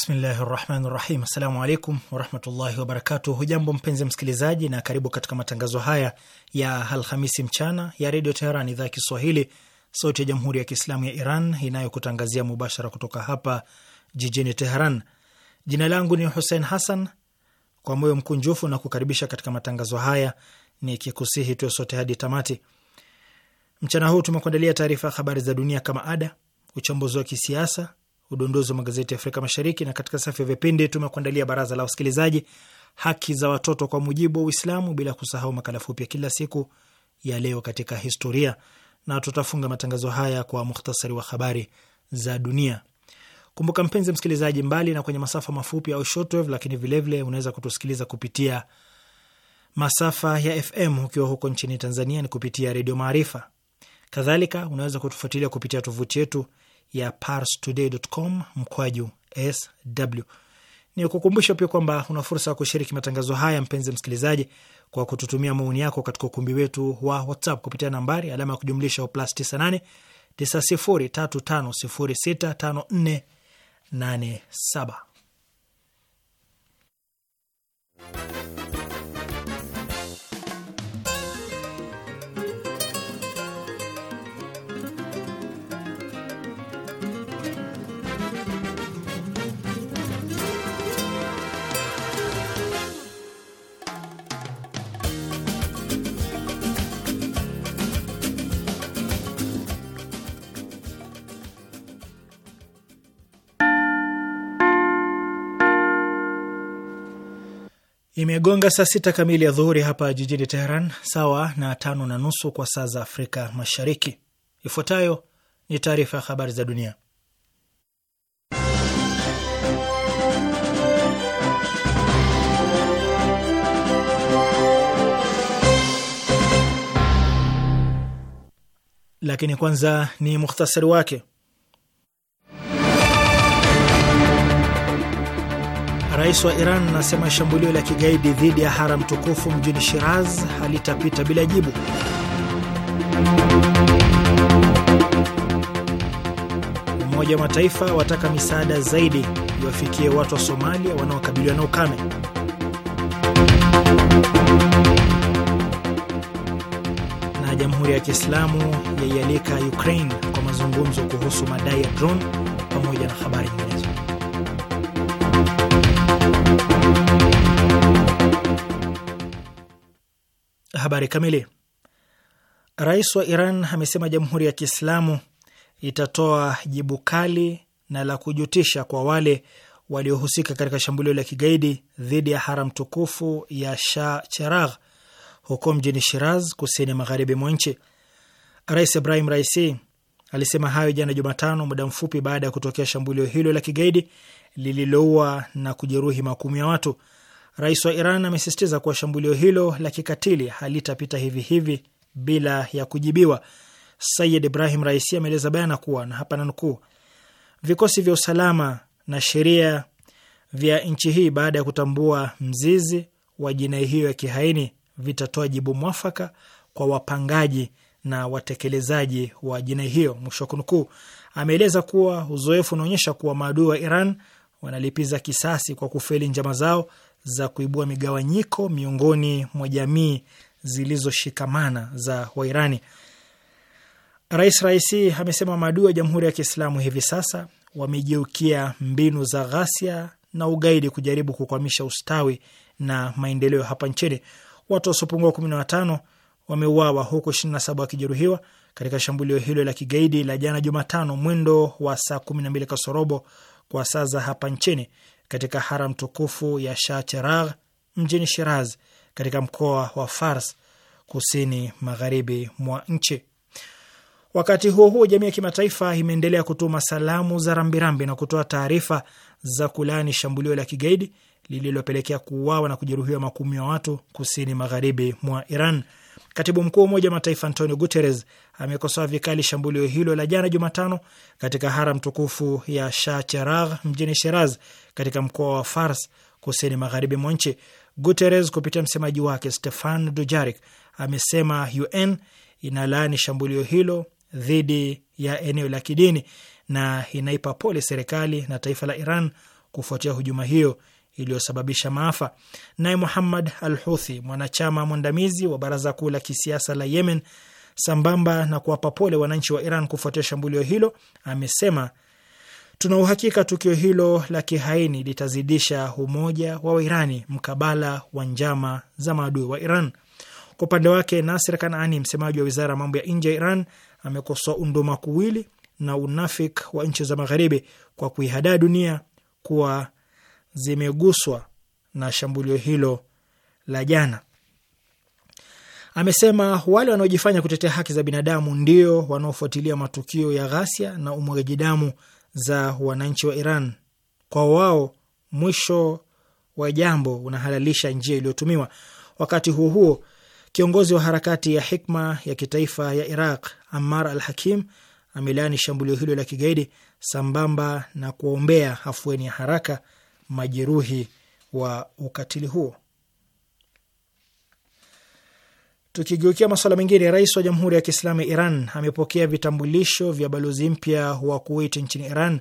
Bismillahi rahmani rahim. Assalamu alaikum warahmatullahi wabarakatuh. Hujambo mpenzi msikilizaji, na karibu katika matangazo haya ya Alhamisi mchana ya Redio Teheran, idhaa ya Kiswahili, sauti ya Jamhuri ya Kiislamu ya Iran inayokutangazia mubashara kutoka hapa jijini Teheran. Jina langu ni Husein Hassan, kwa moyo mkunjufu na kukaribisha katika matangazo haya ni kikusihi tuwe sote hadi tamati. Mchana huu tumekuandalia taarifa ya habari za dunia kama ada, uchambuzi wa kisiasa udondozi wa magazeti ya Afrika Mashariki, na katika safu ya vipindi tumekuandalia baraza la wasikilizaji, haki za watoto kwa mujibu wa Uislamu, bila kusahau makala fupi ya kila siku ya leo katika historia, na tutafunga matangazo haya kwa muhtasari wa habari za dunia. Kumbuka mpenzi msikilizaji, mbali na kwenye masafa mafupi au shortwave, lakini vilevile unaweza kutusikiliza kupitia masafa ya FM ukiwa huko nchini Tanzania ni kupitia Redio Maarifa. Kadhalika unaweza kutufuatilia kupitia tovuti yetu ya parstoday.com mkwaju sw. Ni kukumbusha pia kwamba una fursa ya kushiriki matangazo haya, mpenzi msikilizaji, kwa kututumia maoni yako katika ukumbi wetu wa WhatsApp kupitia nambari alama ya kujumlisha plus 98 9035065487. Imegonga saa sita kamili ya dhuhuri hapa jijini Teheran, sawa na tano na nusu kwa saa za Afrika Mashariki. Ifuatayo ni taarifa ya habari za dunia, lakini kwanza ni mukhtasari wake. Rais wa Iran anasema shambulio la kigaidi dhidi ya haram tukufu mjini Shiraz halitapita bila jibu. Umoja wa Mataifa wataka misaada zaidi iwafikie watu wa Somalia wanaokabiliwa na ukame. Na Jamhuri ya Kiislamu yaialika Ukraine kwa mazungumzo kuhusu madai ya drone pamoja na habari nyinginezo. Habari kamili. Rais wa Iran amesema Jamhuri ya Kiislamu itatoa jibu kali na la kujutisha kwa wale waliohusika katika shambulio la kigaidi dhidi ya haram tukufu ya Shah Cheragh huko mjini Shiraz, kusini magharibi mwa nchi. Rais Ibrahim Raisi alisema hayo jana Jumatano, muda mfupi baada ya kutokea shambulio hilo la kigaidi lililoua na kujeruhi makumi ya watu. Rais wa Iran amesisitiza kuwa shambulio hilo la kikatili halitapita hivi hivi bila ya kujibiwa. Sayid Ibrahim Raisi ameeleza bayana kuwa na hapa nanukuu, vikosi vya usalama na sheria vya nchi hii baada ya kutambua mzizi wa jinai hiyo ya kihaini vitatoa jibu mwafaka kwa wapangaji na watekelezaji wa jinai hiyo, mwisho wa kunukuu. Ameeleza kuwa uzoefu unaonyesha kuwa maadui wa Iran wanalipiza kisasi kwa kufeli njama zao za kuibua migawanyiko miongoni mwa jamii zilizoshikamana za Wairani. Rais Raisi amesema maadui wa Jamhuri ya Kiislamu hivi sasa wamejeukia mbinu za ghasia na ugaidi kujaribu kukwamisha ustawi na maendeleo hapa nchini. Watu wasiopungua kumi na watano wameuawa huku ishirini na saba wakijeruhiwa katika shambulio hilo la kigaidi la jana Jumatano mwendo wa saa kumi na mbili kasorobo kwa saa za hapa nchini katika haram tukufu ya Shah Cheragh mjini Shiraz katika mkoa wa Fars kusini magharibi mwa nchi. Wakati huo huo, jamii ya kimataifa imeendelea kutuma salamu za rambirambi na kutoa taarifa za kulaani shambulio la kigaidi lililopelekea kuuawa na kujeruhiwa makumi ya watu kusini magharibi mwa Iran. Katibu mkuu wa Umoja wa Mataifa Antonio Guterres amekosoa vikali shambulio hilo la jana Jumatano katika haram tukufu ya Shah Cheragh mjini Shiraz katika mkoa wa Fars kusini magharibi mwa nchi. Guterres kupitia msemaji wake Stefan Dujarik amesema UN inalaani shambulio hilo dhidi ya eneo la kidini na inaipa pole serikali na taifa la Iran kufuatia hujuma hiyo iliyosababisha maafa. Naye Muhammad al Huthi, mwanachama mwandamizi wa baraza kuu la kisiasa la Yemen, sambamba na kuwapa pole wananchi wa Iran kufuatia shambulio hilo, amesema tuna uhakika tukio hilo la kihaini litazidisha umoja wa Wairani mkabala wa njama za maadui wa Iran. Kwa upande wake, Nasir Kanaani, msemaji wa wizara ya mambo ya nje ya Iran, amekosoa unduma kuwili na unafik wa nchi za Magharibi kwa kuihadaa dunia kuwa zimeguswa na shambulio hilo la jana. Amesema wale wanaojifanya kutetea haki za binadamu ndio wanaofuatilia matukio ya ghasia na umwagaji damu za wananchi wa Iran. Kwa wao mwisho wa jambo unahalalisha njia iliyotumiwa. Wakati huo huo, kiongozi wa harakati ya Hikma ya kitaifa ya Iraq Ammar al Hakim amelaani shambulio hilo la kigaidi sambamba na kuombea afueni ya haraka majeruhi wa ukatili huo. Tukigeukia masuala mengine, rais wa Jamhuri ya Kiislamu ya Iran amepokea vitambulisho vya balozi mpya wa Kuwait nchini Iran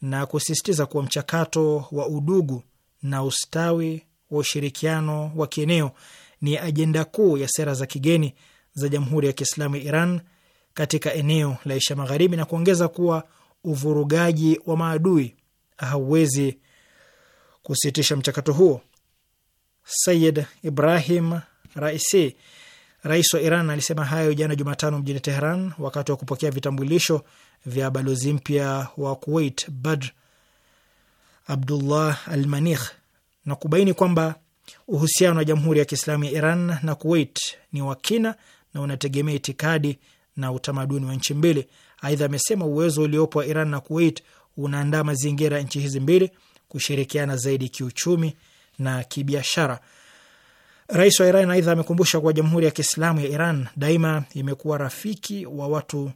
na kusisitiza kuwa mchakato wa udugu na ustawi wa ushirikiano wa kieneo ni ajenda kuu ya sera za kigeni za Jamhuri ya Kiislamu ya Iran katika eneo la Asia Magharibi, na kuongeza kuwa uvurugaji wa maadui hauwezi kusitisha mchakato huo. Sayid Ibrahim Raisi, rais wa Iran, alisema hayo jana Jumatano mjini Teheran wakati wa kupokea vitambulisho vya balozi mpya wa Kuwait Badr Abdullah Almanih na kubaini kwamba uhusiano wa Jamhuri ya Kiislamu ya Iran na Kuwait ni wa kina na unategemea itikadi na utamaduni wa nchi mbili. Aidha, amesema uwezo uliopo wa Iran na Kuwait unaandaa mazingira ya nchi hizi mbili kushirikiana zaidi kiuchumi na kibiashara. Rais wa Iran aidha amekumbusha kuwa Jamhuri ya Kiislamu ya Iran daima imekuwa rafiki wa watu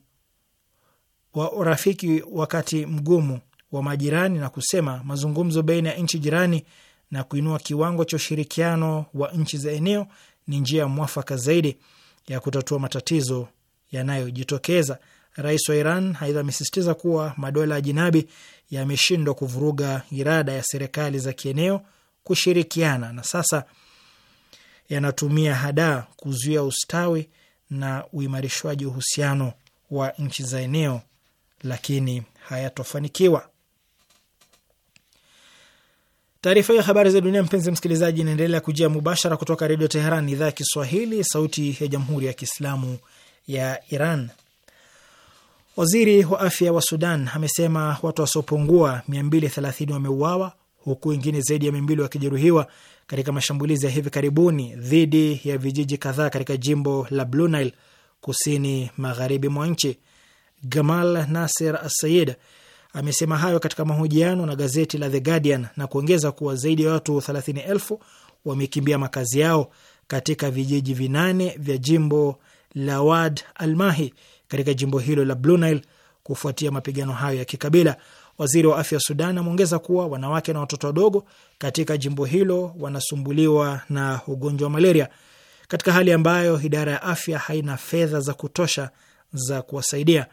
wa rafiki wakati mgumu wa majirani na kusema mazungumzo baina ya nchi jirani na kuinua kiwango cha ushirikiano wa nchi za eneo ni njia mwafaka zaidi ya kutatua matatizo yanayojitokeza. Rais wa Iran aidha amesisitiza kuwa madola ya jinabi yameshindwa kuvuruga irada ya serikali za kieneo kushirikiana na sasa yanatumia hadaa kuzuia ustawi na uimarishwaji uhusiano wa nchi za eneo, lakini hayatofanikiwa. Taarifa hiyo habari za dunia, mpenzi msikilizaji, inaendelea kujia mubashara kutoka Redio Teheran, idhaa ya Kiswahili, sauti ya Jamhuri ya Kiislamu ya Iran. Waziri wa afya wa Sudan amesema watu wasiopungua 230 wameuawa huku wengine zaidi ya 200 wakijeruhiwa katika mashambulizi ya hivi karibuni dhidi ya vijiji kadhaa katika jimbo la Blue Nile kusini magharibi mwa nchi. Gamal Nasir Assayid amesema hayo katika mahojiano na gazeti la The Guardian na kuongeza kuwa zaidi ya watu 30,000 wamekimbia makazi yao katika vijiji vinane vya jimbo la Wad Almahi katika jimbo hilo la Blue Nile kufuatia mapigano hayo ya kikabila. Waziri wa afya wa Sudan ameongeza kuwa wanawake na watoto wadogo katika jimbo hilo wanasumbuliwa na ugonjwa wa malaria katika hali ambayo idara ya afya haina fedha za kutosha za kuwasaidia.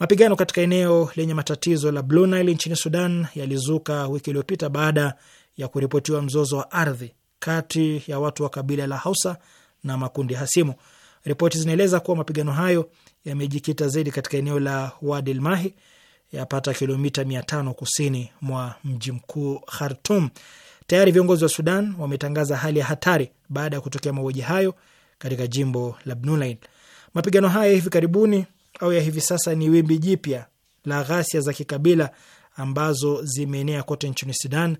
Mapigano katika eneo lenye matatizo la Blue Nile nchini Sudan yalizuka wiki iliyopita baada ya kuripotiwa mzozo wa ardhi kati ya watu wa kabila la Hausa na makundi hasimu. Ripoti zinaeleza kuwa mapigano hayo yamejikita zaidi katika eneo la Wadi Mahi yapata kilomita mia tano kusini mwa mji mkuu Khartum. Tayari viongozi wa Sudan wametangaza hali ya hatari baada ya kutokea mauaji hayo katika jimbo la Bnulain. Mapigano haya ya hivi karibuni au ya hivi sasa ni wimbi jipya la ghasia za kikabila ambazo zimeenea kote nchini Sudan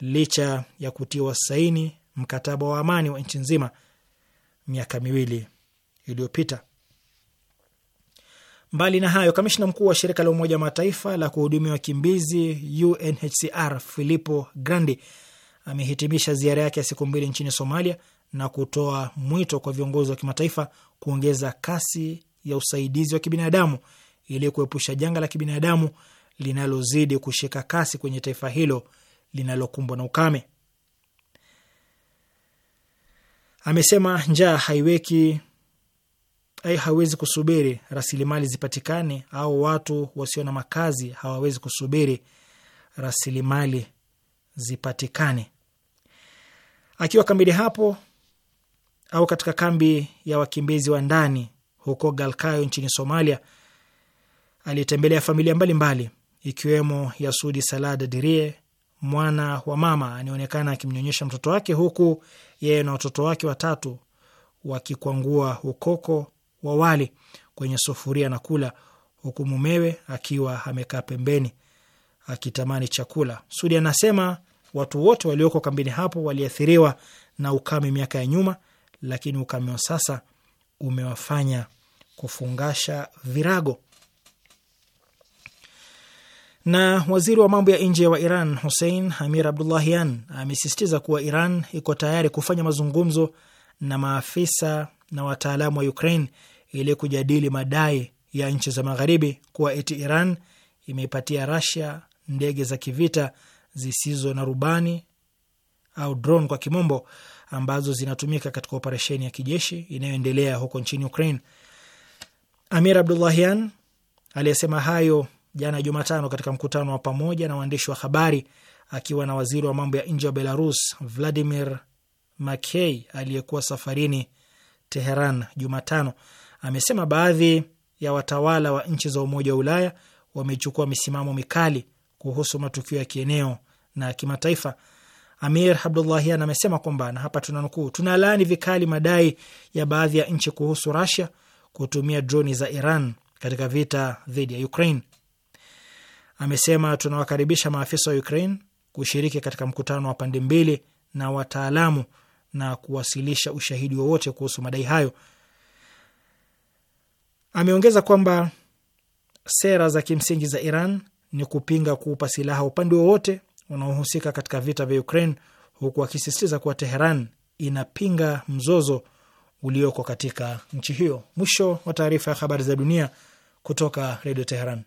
licha ya kutiwa saini mkataba wa amani wa nchi nzima miaka miwili iliyopita. Mbali na hayo, kamishna mkuu wa shirika la Umoja wa Mataifa la kuhudumia wakimbizi UNHCR Filippo Grandi amehitimisha ziara yake ya siku mbili nchini Somalia na kutoa mwito kwa viongozi wa kimataifa kuongeza kasi ya usaidizi wa kibinadamu ili kuepusha janga la kibinadamu linalozidi kushika kasi kwenye taifa hilo linalokumbwa na ukame. Amesema njaa haiweki ai hawezi kusubiri rasilimali zipatikane, au watu wasio na makazi hawawezi kusubiri rasilimali zipatikane. Akiwa kambini hapo au katika kambi ya wakimbizi wa ndani huko Galkayo nchini Somalia, alitembelea familia mbalimbali mbali, ikiwemo yasudi Sudi Salada Dirie, mwana wa mama anaonekana akimnyonyesha mtoto wake, huku yeye na watoto wake watatu wakikwangua ukoko wa wali kwenye sufuria na kula, huku mumewe akiwa amekaa pembeni akitamani chakula. Sudi anasema watu wote walioko kambini hapo waliathiriwa na ukame miaka ya nyuma, lakini ukame wa sasa umewafanya kufungasha virago. Na waziri wa mambo ya nje wa Iran Hussein Amir Abdullahian amesisitiza kuwa Iran iko tayari kufanya mazungumzo na maafisa na wataalamu wa Ukraine ili kujadili madai ya nchi za magharibi kuwa eti Iran imeipatia Rasia ndege za kivita zisizo na rubani au drone kwa kimombo, ambazo zinatumika katika operesheni ya kijeshi inayoendelea huko nchini Ukraine. Amir Abdullahian aliyesema hayo jana Jumatano katika mkutano wa pamoja na waandishi wa habari akiwa na waziri wa mambo ya nje wa Belarus Vladimir Makey aliyekuwa safarini Teheran Jumatano amesema baadhi ya watawala wa nchi za Umoja wa Ulaya wamechukua misimamo mikali kuhusu matukio ya kieneo na kimataifa. Amir Abdullahian amesema kwamba, na hapa tunanukuu, tunalaani vikali madai ya baadhi ya nchi kuhusu Russia kutumia droni za Iran katika vita dhidi ya Ukraine. Amesema tunawakaribisha maafisa wa Ukraine kushiriki katika mkutano wa pande mbili na wataalamu na kuwasilisha ushahidi wowote kuhusu madai hayo. Ameongeza kwamba sera za kimsingi za Iran ni kupinga kuupa silaha upande wowote unaohusika katika vita vya Ukraine, huku akisisitiza kuwa Teheran inapinga mzozo ulioko katika nchi hiyo. Mwisho wa taarifa ya habari za dunia kutoka Redio Teheran.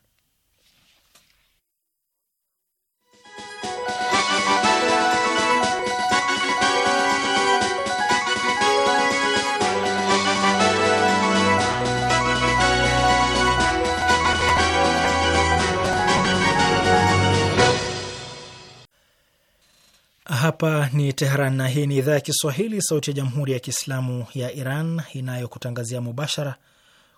Hapa ni Teheran na hii ni idhaa ya Kiswahili, sauti ya jamhuri ya kiislamu ya Iran inayokutangazia mubashara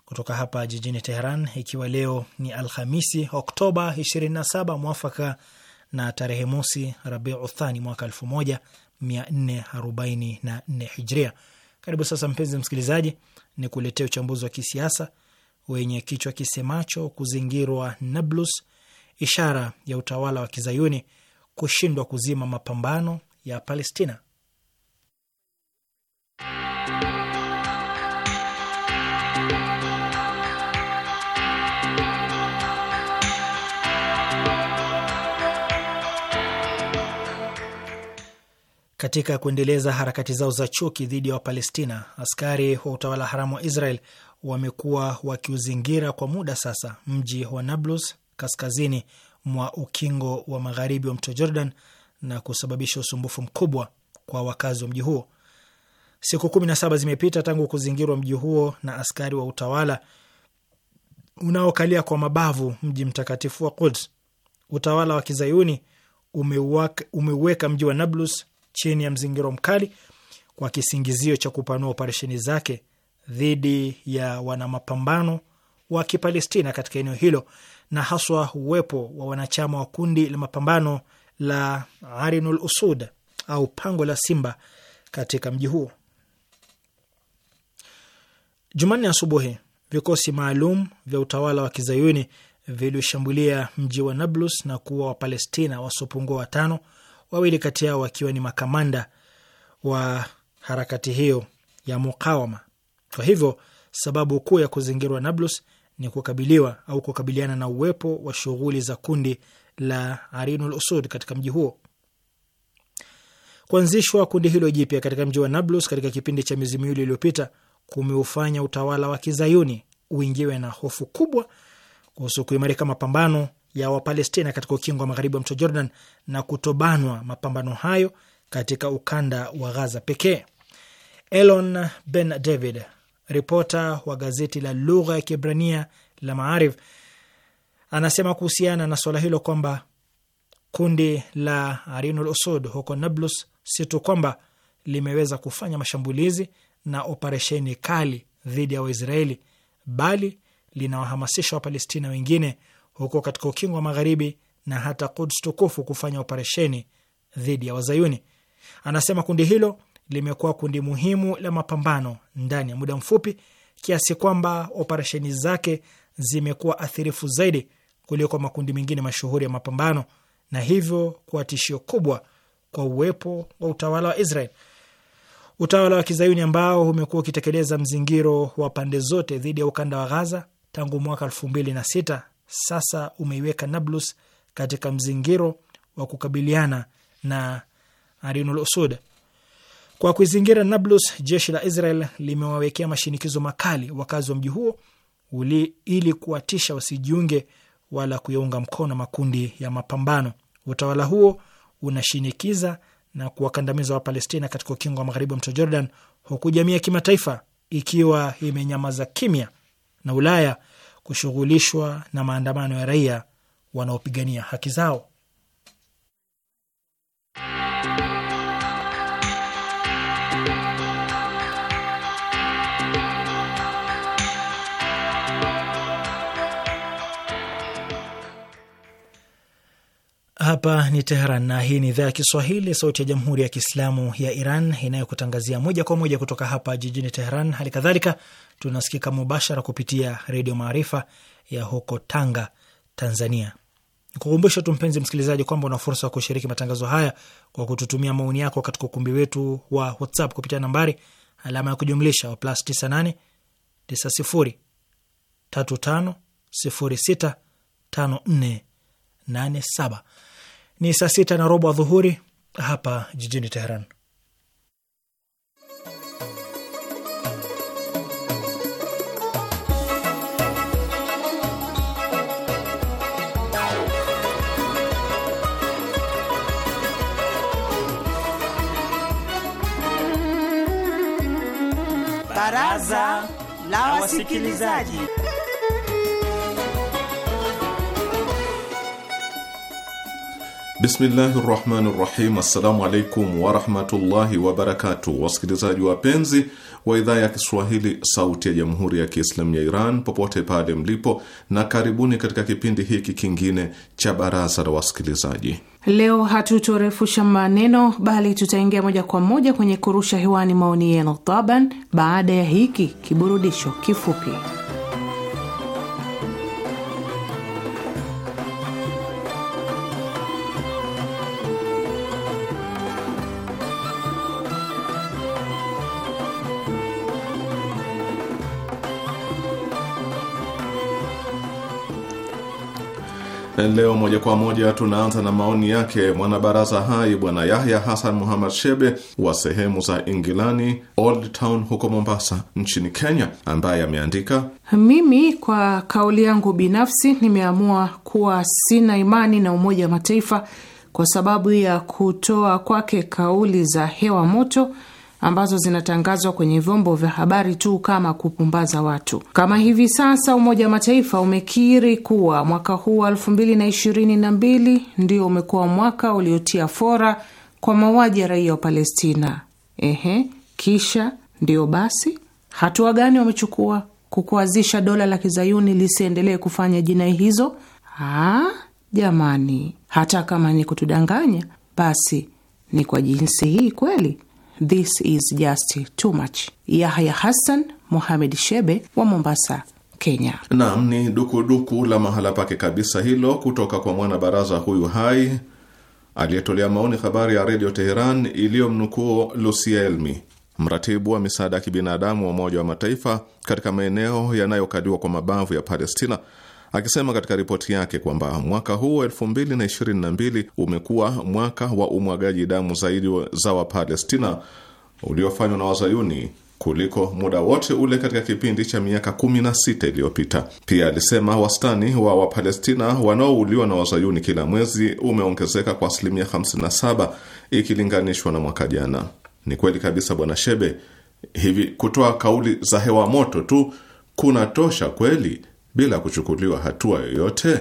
kutoka hapa jijini Teheran, ikiwa leo ni Alhamisi Oktoba 27 mwafaka na tarehe mosi Rabiu Thani mwaka 1444 Hijria. Karibu sasa, mpenzi msikilizaji, ni kuletea uchambuzi wa kisiasa wenye kichwa kisemacho kuzingirwa Nablus, ishara ya utawala wa kizayuni kushindwa kuzima mapambano ya Palestina. Katika kuendeleza harakati zao za chuki dhidi ya Wapalestina, askari wa utawala haramu wa Israel wamekuwa wakiuzingira kwa muda sasa mji wa Nablus kaskazini mwa ukingo wa magharibi wa mto Jordan na kusababisha usumbufu mkubwa kwa wakazi wa mji huo. Siku kumi na saba zimepita tangu kuzingirwa mji huo na askari wa utawala unaokalia kwa mabavu mji mtakatifu wa Quds. Utawala wa kizayuni umeuweka mji wa Nablus chini ya mzingiro mkali kwa kisingizio cha kupanua operesheni zake dhidi ya wanamapambano wa Kipalestina katika eneo hilo na haswa uwepo wa wanachama wa kundi la mapambano la Arinul Usud au pango la simba katika mji huo. Jumanne asubuhi vikosi maalum vya utawala wa kizayuni vilishambulia mji wa Nablus na kuua Wapalestina wasiopungua watano, wawili kati yao wakiwa ni makamanda wa harakati hiyo ya mukawama. Kwa hivyo sababu kuu ya kuzingirwa Nablus ni kukabiliwa au kukabiliana na uwepo wa shughuli za kundi la Arinul Usud katika mji huo. Kuanzishwa kundi hilo jipya katika mji wa Nablus katika kipindi cha miezi miwili iliyopita kumeufanya utawala wa kizayuni uingiwe na hofu kubwa kuhusu kuimarika mapambano ya Wapalestina katika ukingo wa magharibi wa mto Jordan na kutobanwa mapambano hayo katika ukanda wa Ghaza pekee. Elon Ben David Ripota wa gazeti la lugha ya kibrania la Maarif anasema kuhusiana na swala hilo kwamba kundi la Arinul Usud huko Nablus si tu kwamba limeweza kufanya mashambulizi na operesheni kali dhidi ya Waisraeli, bali linawahamasisha Wapalestina wengine huko katika ukingo wa Magharibi na hata Kuds tukufu kufanya operesheni dhidi ya Wazayuni. Anasema kundi hilo limekuwa kundi muhimu la mapambano ndani ya muda mfupi kiasi kwamba operesheni zake zimekuwa athirifu zaidi kuliko makundi mengine mashuhuri ya mapambano na hivyo kuwa tishio kubwa kwa uwepo wa utawala wa Israel. Utawala wa kizayuni ambao umekuwa ukitekeleza mzingiro wa pande zote dhidi ya ukanda wa Ghaza tangu mwaka elfu mbili na sita sasa umeiweka Nablus katika mzingiro wa kukabiliana na Arinul Usud. Kwa kuizingira Nablus, jeshi la Israel limewawekea mashinikizo makali wakazi wa mji huo ili kuwatisha wasijiunge wala kuyaunga mkono makundi ya mapambano. Utawala huo unashinikiza na kuwakandamiza Wapalestina katika ukingo wa magharibi wa mto Jordan, huku jamii ya kimataifa ikiwa imenyamaza kimya na Ulaya kushughulishwa na maandamano ya raia wanaopigania haki zao. Hapa ni Teheran na hii ni idhaa ya Kiswahili, sauti ya jamhuri ya kiislamu ya Iran inayokutangazia moja kwa moja kutoka hapa jijini Teheran. Hali kadhalika tunasikika mubashara kupitia Redio Maarifa ya huko Tanga, Tanzania. Nikukumbusha tu mpenzi msikilizaji kwamba una fursa ya kushiriki matangazo haya kwa kututumia maoni yako katika ukumbi wetu wa WhatsApp kupitia nambari alama ya kujumlisha wa plus 98 90 35 06 54 ni saa sita na robo adhuhuri hapa jijini Teheran. Baraza la Wasikilizaji. Bismillahi rahmani rahim. Assalamu alaikum warahmatullahi wabarakatu. Wasikilizaji wapenzi wa idhaa ya Kiswahili sauti ya jamhuri ya Kiislamu ya Iran popote pale mlipo, na karibuni katika kipindi hiki kingine cha baraza la wasikilizaji. Leo hatutorefusha maneno, bali tutaingia moja kwa moja kwenye kurusha hewani maoni yenu taban, baada ya hiki kiburudisho kifupi. Leo moja kwa moja tunaanza na maoni yake mwanabaraza hai Bwana Yahya Hasan Muhammad Shebe wa sehemu za Ingilani, Old Town huko Mombasa nchini Kenya, ambaye ameandika mimi kwa kauli yangu binafsi nimeamua kuwa sina imani na Umoja wa Mataifa kwa sababu ya kutoa kwake kauli za hewa moto ambazo zinatangazwa kwenye vyombo vya habari tu kama kupumbaza watu. Kama hivi sasa Umoja wa Mataifa umekiri kuwa mwaka huu wa elfu mbili na ishirini na mbili ndio umekuwa mwaka uliotia fora kwa mauaji ya raia wa Palestina. Ehe, kisha ndio basi, hatua gani wamechukua kukuazisha dola la kizayuni lisiendelee kufanya jinai hizo? Aa, jamani, hata kama ni kutudanganya, basi ni kwa jinsi hii kweli? This is just too much. Yahya Hassan Mohamed Shebe wa Mombasa, Kenya. Naam, ni dukuduku la mahala pake kabisa hilo kutoka kwa mwanabaraza huyu hai aliyetolea maoni habari ya redio Teheran iliyomnukuu Lusia Elmi, mratibu wa misaada ya kibinadamu wa Umoja wa Mataifa katika maeneo yanayokaliwa kwa mabavu ya Palestina akisema katika ripoti yake kwamba mwaka huu wa 2022 umekuwa mwaka wa umwagaji damu zaidi za Wapalestina uliofanywa na wazayuni kuliko muda wote ule katika kipindi cha miaka 16 iliyopita. Pia alisema wastani wa Wapalestina wanaouliwa na wazayuni kila mwezi umeongezeka kwa asilimia 57 ikilinganishwa na mwaka jana. Ni kweli kabisa, Bwana Shebe, hivi kutoa kauli za hewa moto tu kuna tosha kweli bila kuchukuliwa hatua yoyote?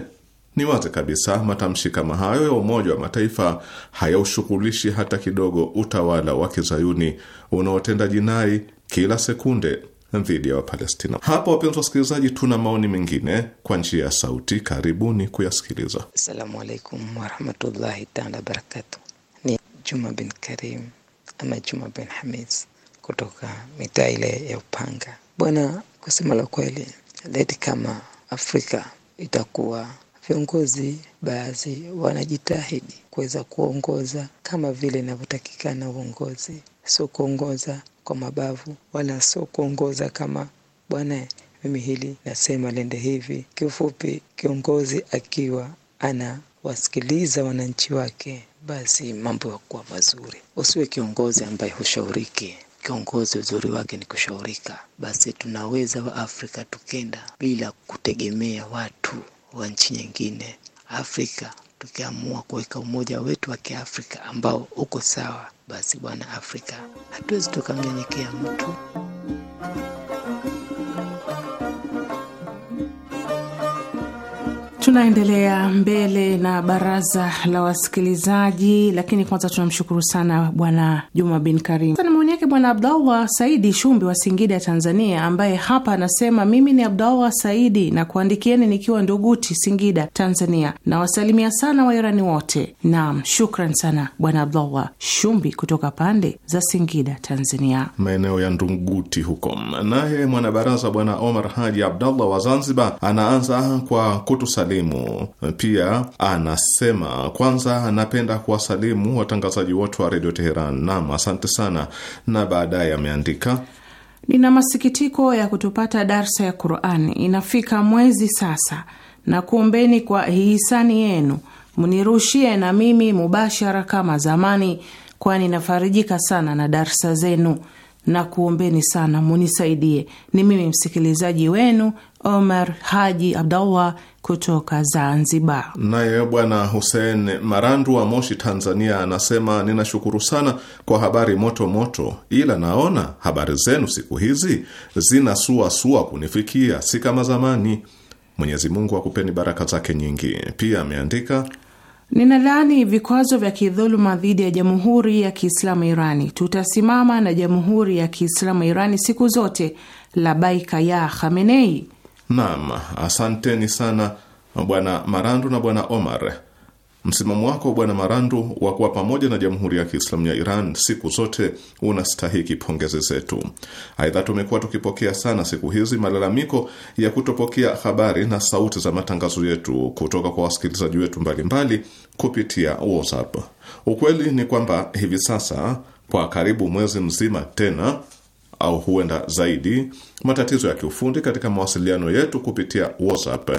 Ni wazi kabisa matamshi kama hayo ya Umoja wa Mataifa hayaushughulishi hata kidogo utawala wa kizayuni unaotenda jinai kila sekunde dhidi ya Wapalestina. Hapo wapenzi wasikilizaji, tuna maoni mengine kwa njia ya sauti, karibuni kuyasikiliza. Assalamu alaikum warahmatullahi taala wabarakatu. Ni Juma bin Karim ama Juma bin Hamis kutoka mitaa ile ya Upanga. Bwana, kusema la kweli leti kama Afrika itakuwa viongozi baadhi wanajitahidi kuweza kuongoza kama vile inavyotakikana uongozi, sio kuongoza kwa mabavu, wala sio kuongoza kama bwana, mimi hili nasema lende hivi. Kiufupi, kiongozi akiwa anawasikiliza wananchi wake, basi mambo yakuwa mazuri. Usiwe kiongozi ambaye hushauriki kiongozi uzuri wake ni kushaurika. Basi tunaweza wa afrika tukenda bila kutegemea watu wa nchi nyingine. Afrika tukiamua kuweka umoja wetu wa Kiafrika ambao uko sawa, basi bwana Afrika, hatuwezi tukamnyenyekea mtu. Tunaendelea mbele na baraza la wasikilizaji, lakini kwanza tunamshukuru sana Bwana Juma bin Karim. Sasa maoni yake Bwana Abdallah Saidi Shumbi wa Singida, Tanzania, ambaye hapa anasema mimi ni Abdallah Saidi na kuandikieni nikiwa Nduguti, Singida, Tanzania. Nawasalimia sana Wairani wote. Naam, shukran sana Bwana Abdallah Shumbi kutoka pande za Singida, Tanzania, maeneo ya Nduguti huko. Naye mwanabaraza Bwana Omar Haji Abdallah wa Zanzibar anaanza kwa kutusalimu muhimu. Pia anasema kwanza, napenda kuwasalimu watangazaji wote wa redio Teheran nam asante sana, na baadaye ameandika nina masikitiko ya kutopata darsa ya Qurani. Inafika mwezi sasa, na kuombeni kwa hihisani yenu mnirushie na mimi mubashara kama zamani, kwani nafarijika sana na darsa zenu na kuombeni sana munisaidie. Ni mimi msikilizaji wenu Omar Haji Abdallah kutoka Zanzibar. Naye bwana Hussein Marandu wa Moshi, Tanzania, anasema ninashukuru sana kwa habari moto moto, ila naona habari zenu siku hizi zinasuasua sua kunifikia, si kama zamani. Mwenyezi Mungu akupeni baraka zake nyingi. Pia ameandika Ninadhani vikwazo vya kidhuluma dhidi ya Jamhuri ya Kiislamu Irani, tutasimama na Jamhuri ya Kiislamu Irani siku zote, labaika ya Khamenei. Naam, asanteni sana Bwana Marandu na Bwana Omar. Msimamo wako Bwana Marandu wa kuwa pamoja na Jamhuri ya Kiislamu ya Iran siku zote unastahiki pongezi zetu. Aidha, tumekuwa tukipokea sana siku hizi malalamiko ya kutopokea habari na sauti za matangazo yetu kutoka kwa wasikilizaji wetu mbalimbali kupitia WhatsApp. Ukweli ni kwamba hivi sasa kwa karibu mwezi mzima tena au huenda zaidi, matatizo ya kiufundi katika mawasiliano yetu kupitia WhatsApp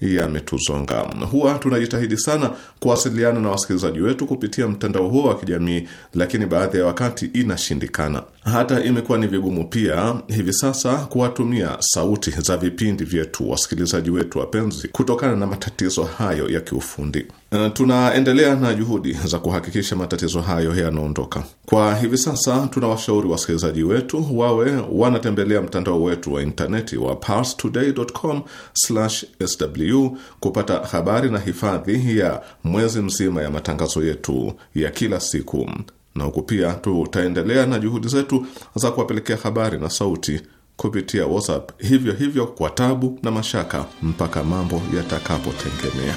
yametuzonga. Huwa tunajitahidi sana kuwasiliana na wasikilizaji wetu kupitia mtandao huo wa kijamii, lakini baadhi ya wakati inashindikana. Hata imekuwa ni vigumu pia hivi sasa kuwatumia sauti za vipindi vyetu wasikilizaji wetu wapenzi, kutokana na matatizo hayo ya kiufundi. Eh, tunaendelea na juhudi za kuhakikisha matatizo hayo yanaondoka. Kwa hivi sasa, tunawashauri wasikilizaji wetu wawe wanatembelea mtandao wetu wa intaneti wa parstoday.com/sw kupata habari na hifadhi ya mwezi mzima ya matangazo yetu ya kila siku, na huku pia tutaendelea na juhudi zetu za kuwapelekea habari na sauti kupitia WhatsApp, hivyo hivyo kwa tabu na mashaka, mpaka mambo yatakapotengemea.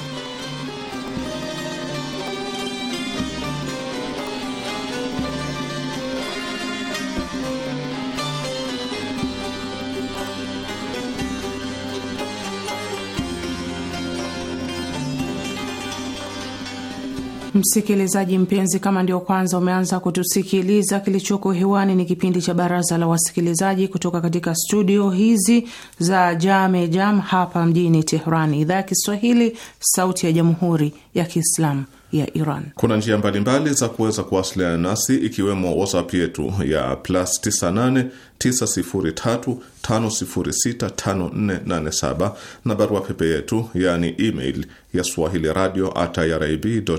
Msikilizaji mpenzi, kama ndio kwanza umeanza kutusikiliza, kilichoko hewani ni kipindi cha Baraza la Wasikilizaji kutoka katika studio hizi za Jame Jam hapa mjini Tehrani, Idhaa ya Kiswahili, Sauti ya Jamhuri ya Kiislamu ya Iran. Kuna njia mbalimbali za kuweza kuwasiliana nasi ikiwemo WhatsApp yetu ya plus 98 na barua pepe yetu yaani email ya swahili radio at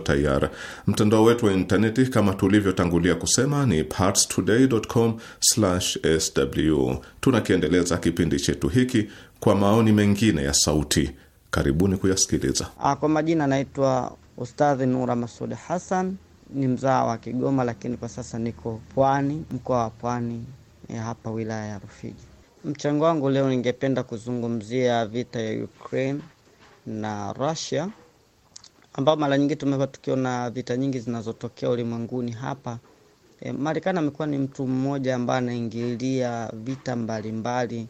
ir. Mtandao wetu wa intaneti kama tulivyotangulia kusema ni partstodaycom sw. Tunakiendeleza kipindi chetu hiki kwa maoni mengine ya sauti. Karibuni kuyasikiliza. Ah, kwa majina anaitwa Ustadhi Nura Masud Hassan ni mzaa wa Kigoma, lakini kwa sasa niko Pwani, mkoa wa Pwani e, hapa wilaya ya Rufiji. Mchango wangu leo, ningependa kuzungumzia vita ya Ukraine na Russia, ambao mara nyingi tumekuwa tukiona vita nyingi zinazotokea ulimwenguni hapa e, Marekani amekuwa ni mtu mmoja ambaye anaingilia vita mbalimbali mbali,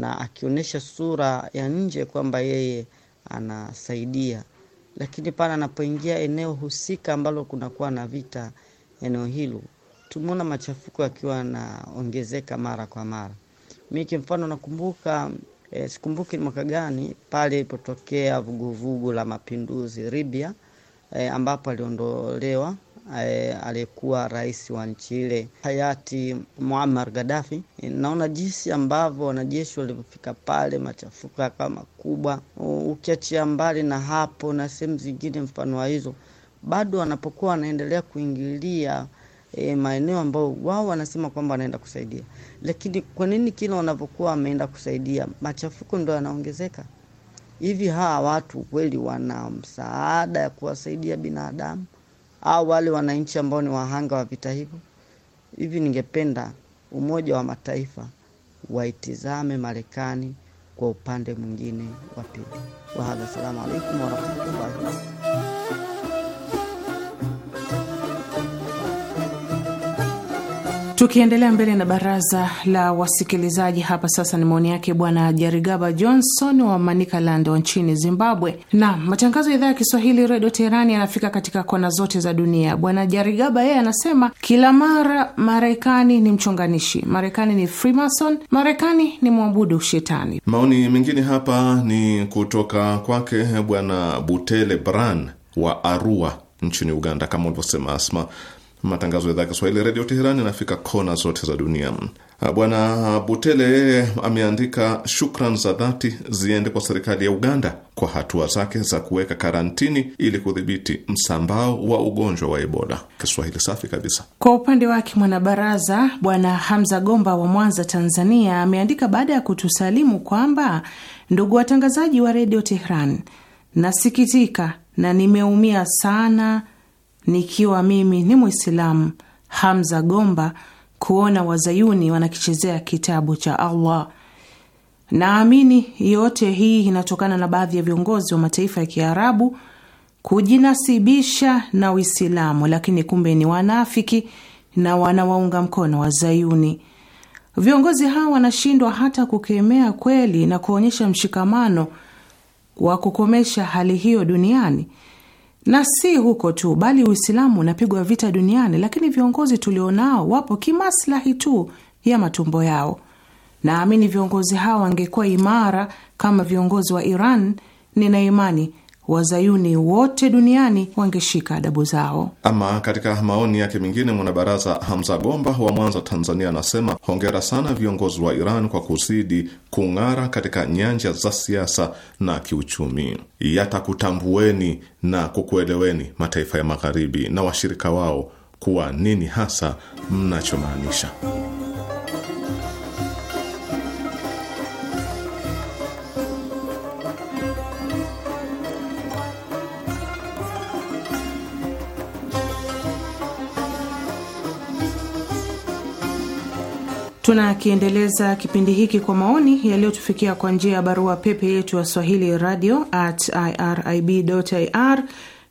na akionyesha sura ya nje kwamba yeye anasaidia lakini pale anapoingia eneo husika ambalo kunakuwa na vita eneo hilo, tumeona machafuko yakiwa yanaongezeka mara kwa mara. mi kimfano nakumbuka e, sikumbuki mwaka gani pale ilipotokea vuguvugu la mapinduzi Libya e, ambapo aliondolewa Eh, aliyekuwa rais wa nchi ile hayati Muammar Gaddafi. Naona jinsi ambavyo wanajeshi walivyofika pale, machafuko yakawa makubwa. Ukiachia mbali na hapo na sehemu zingine mfano wa hizo, bado wanapokuwa wanaendelea kuingilia E, maeneo ambayo wao wanasema kwamba wanaenda kusaidia, lakini kwa nini kila wanavyokuwa wameenda kusaidia machafuko ndo yanaongezeka? Hivi hawa watu kweli wana msaada ya kuwasaidia binadamu? au wale wananchi ambao ni wahanga wa vita hivyo. Hivi ningependa Umoja wa Mataifa waitizame Marekani kwa upande mwingine wa pili. Wahada, salamu alaikum warahmatullahi Tukiendelea mbele na baraza la wasikilizaji, hapa sasa ni maoni yake Bwana Jarigaba Johnson wa Manikaland wa nchini Zimbabwe. Na matangazo ya idhaa ya Kiswahili Redio Teherani yanafika katika kona zote za dunia. Bwana Jarigaba yeye anasema kila mara Marekani ni mchonganishi, Marekani ni Freemason, Marekani ni mwabudu shetani. Maoni mengine hapa ni kutoka kwake Bwana Butele Bran wa Arua nchini Uganda. Kama ulivyosema Asma, Matangazo ya idhaa ya Kiswahili redio Teherani yanafika kona zote za dunia. Ah, Bwana Butele yeye ameandika shukran za dhati ziende kwa serikali ya Uganda kwa hatua zake za kuweka karantini ili kudhibiti msambao wa ugonjwa wa Ebola. Kiswahili safi kabisa. Kwa upande wake mwanabaraza Bwana Hamza Gomba wa Mwanza, Tanzania, ameandika baada ya kutusalimu kwamba ndugu watangazaji wa redio teheran nasikitika na nimeumia sana nikiwa mimi ni Mwislamu Hamza Gomba kuona wazayuni wanakichezea kitabu cha Allah. Naamini yote hii inatokana na baadhi ya viongozi wa mataifa ya Kiarabu kujinasibisha na Uislamu, lakini kumbe ni wanafiki na wanawaunga mkono wazayuni. Viongozi hawa wanashindwa hata kukemea kweli na kuonyesha mshikamano wa kukomesha hali hiyo duniani na si huko tu, bali Uislamu unapigwa vita duniani, lakini viongozi tulionao wapo kimaslahi tu ya matumbo yao. Naamini viongozi hao wangekuwa imara kama viongozi wa Iran, nina imani Wazayuni wote duniani wangeshika adabu zao. Ama katika maoni yake mengine, mwanabaraza Hamza Gomba wa Mwanza, Tanzania, anasema hongera sana viongozi wa Iran kwa kuzidi kung'ara katika nyanja za siasa na kiuchumi. Yatakutambueni na kukueleweni mataifa ya Magharibi na washirika wao kuwa nini hasa mnachomaanisha. Tunakiendeleza kipindi hiki kwa maoni yaliyotufikia kwa njia ya barua pepe yetu ya Swahili radio at irib ir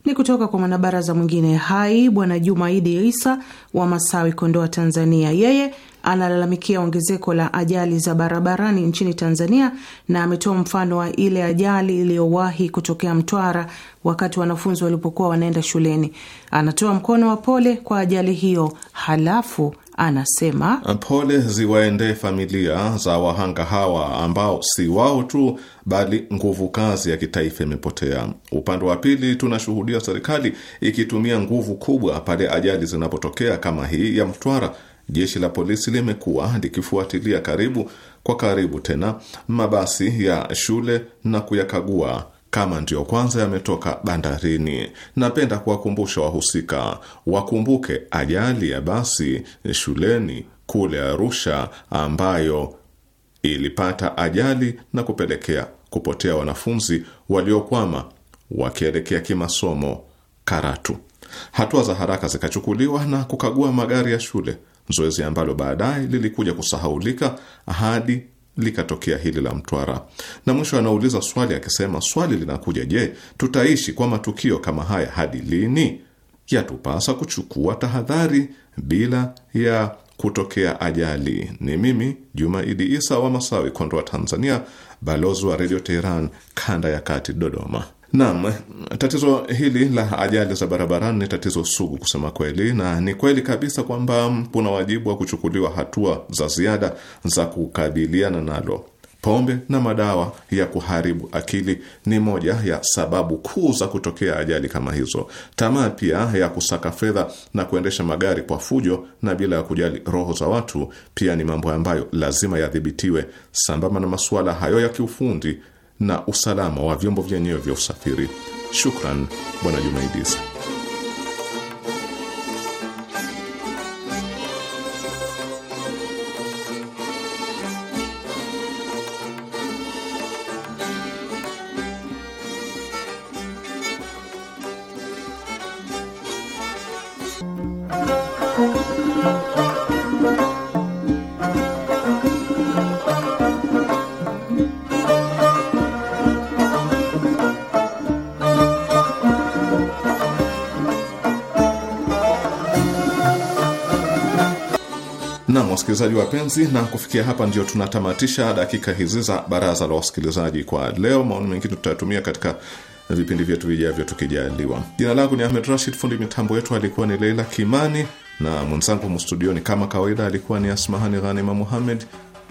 ni kutoka kwa mwanabaraza mwingine hai Bwana Juma Idi Isa wa Masawi, Kondoa, Tanzania. Yeye analalamikia ongezeko la ajali za barabarani nchini Tanzania na ametoa mfano wa ile ajali iliyowahi kutokea Mtwara wakati wanafunzi walipokuwa wanaenda shuleni. Anatoa mkono wa pole kwa ajali hiyo, halafu anasema pole ziwaendee familia za wahanga hawa ambao si wao tu bali nguvu kazi ya kitaifa imepotea. Upande wa pili, tunashuhudia serikali ikitumia nguvu kubwa pale ajali zinapotokea kama hii ya Mtwara. Jeshi la polisi limekuwa likifuatilia karibu kwa karibu tena mabasi ya shule na kuyakagua kama ndiyo kwanza yametoka bandarini. Napenda kuwakumbusha wahusika wakumbuke ajali ya basi shuleni kule Arusha ambayo ilipata ajali na kupelekea kupotea wanafunzi waliokwama wakielekea kimasomo Karatu. Hatua za haraka zikachukuliwa na kukagua magari ya shule, zoezi ambalo baadaye lilikuja kusahaulika hadi likatokea hili la Mtwara. Na mwisho anauliza swali akisema, swali linakuja, je, tutaishi kwa matukio kama haya hadi lini? Yatupasa kuchukua tahadhari bila ya kutokea ajali. Ni mimi Juma Idi Isa wa Masawi, Kondoa, Tanzania, balozi wa Redio Teheran kanda ya kati, Dodoma. Naam, tatizo hili la ajali za barabarani ni tatizo sugu kusema kweli, na ni kweli kabisa kwamba kuna wajibu wa kuchukuliwa hatua za ziada za kukabiliana nalo. Pombe na madawa ya kuharibu akili ni moja ya sababu kuu za kutokea ajali kama hizo. Tamaa pia ya kusaka fedha na kuendesha magari kwa fujo na bila ya kujali roho za watu pia ni mambo ambayo lazima yadhibitiwe, sambamba na masuala hayo ya kiufundi na usalama wa vyombo vyenyewe vya usafiri. Shukran Bwana Jumaidisa. wasikilizaji wapenzi, na kufikia hapa ndio tunatamatisha dakika hizi za baraza la wasikilizaji kwa leo. Maoni mengine tutayatumia katika vipindi vyetu vijavyo tukijaliwa. Jina langu ni Ahmed Rashid, fundi mitambo yetu alikuwa ni Leila Kimani na mwenzangu mstudioni kama kawaida alikuwa ni Asmahani Ghanima Muhammed.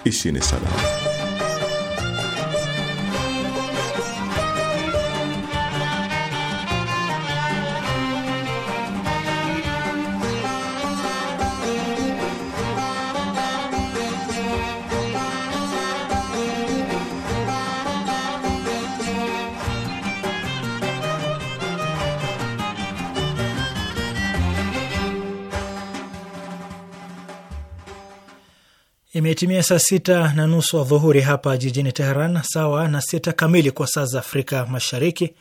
Ishini salama. Imetimia saa sita na nusu adhuhuri hapa jijini Teheran, sawa na sita kamili kwa saa za Afrika Mashariki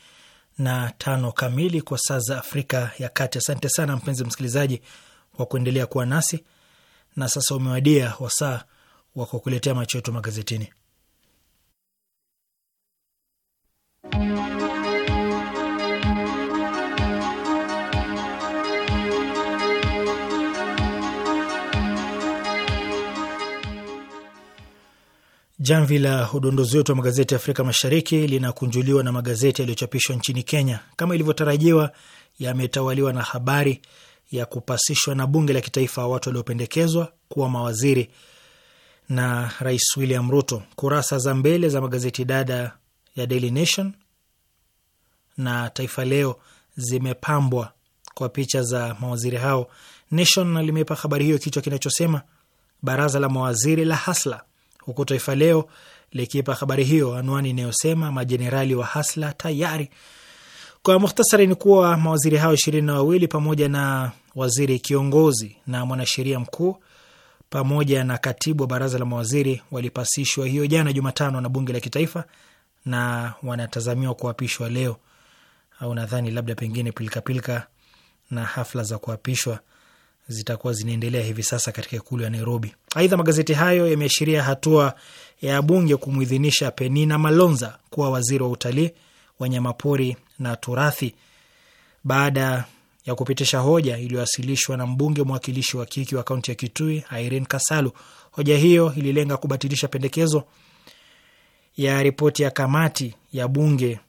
na tano kamili kwa saa za Afrika ya Kati. Asante sana mpenzi msikilizaji kwa kuendelea kuwa nasi, na sasa umewadia wasaa wa kukuletea macho yetu magazetini. Jamvi la udondozi wetu wa magazeti ya Afrika Mashariki linakunjuliwa na magazeti yaliyochapishwa nchini Kenya. Kama ilivyotarajiwa, yametawaliwa na habari ya kupasishwa na bunge la kitaifa watu waliopendekezwa kuwa mawaziri na Rais William Ruto. Kurasa za mbele za magazeti dada ya Daily Nation na Taifa Leo zimepambwa kwa picha za mawaziri hao. Nation limeipa habari hiyo kichwa kinachosema baraza la mawaziri la hasla huku Taifa Leo likiipa habari hiyo anwani inayosema majenerali wa hasla tayari. Kwa muhtasari, ni kuwa mawaziri hao ishirini na wawili pamoja na waziri kiongozi na mwanasheria mkuu pamoja na katibu wa baraza la mawaziri walipasishwa hiyo jana Jumatano na bunge la kitaifa na wanatazamiwa kuapishwa leo, au nadhani labda pengine pilikapilika na hafla za kuapishwa zitakuwa zinaendelea hivi sasa katika ikulu ya Nairobi. Aidha, magazeti hayo yameashiria hatua ya bunge kumwidhinisha Penina Malonza kuwa waziri wa utalii, wanyamapori na turathi baada ya kupitisha hoja iliyowasilishwa na mbunge mwakilishi wa kiki wa kaunti ya Kitui, Irene Kasalu. Hoja hiyo ililenga kubatilisha pendekezo ya ripoti ya kamati ya bunge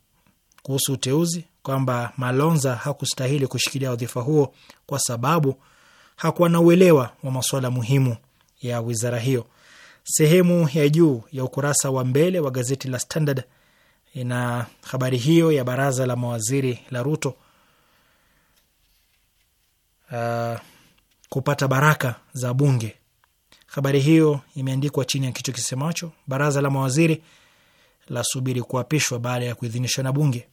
kuhusu uteuzi kwamba Malonza hakustahili kushikilia wadhifa huo kwa sababu hakuwa na uelewa wa masuala muhimu ya wizara hiyo. Sehemu ya juu ya ukurasa wa mbele wa gazeti la Standard ina habari hiyo ya baraza la mawaziri la Ruto uh, kupata baraka za bunge. Habari hiyo imeandikwa chini ya kichwa kisemacho baraza la mawaziri lasubiri kuapishwa baada ya kuidhinishwa na bunge.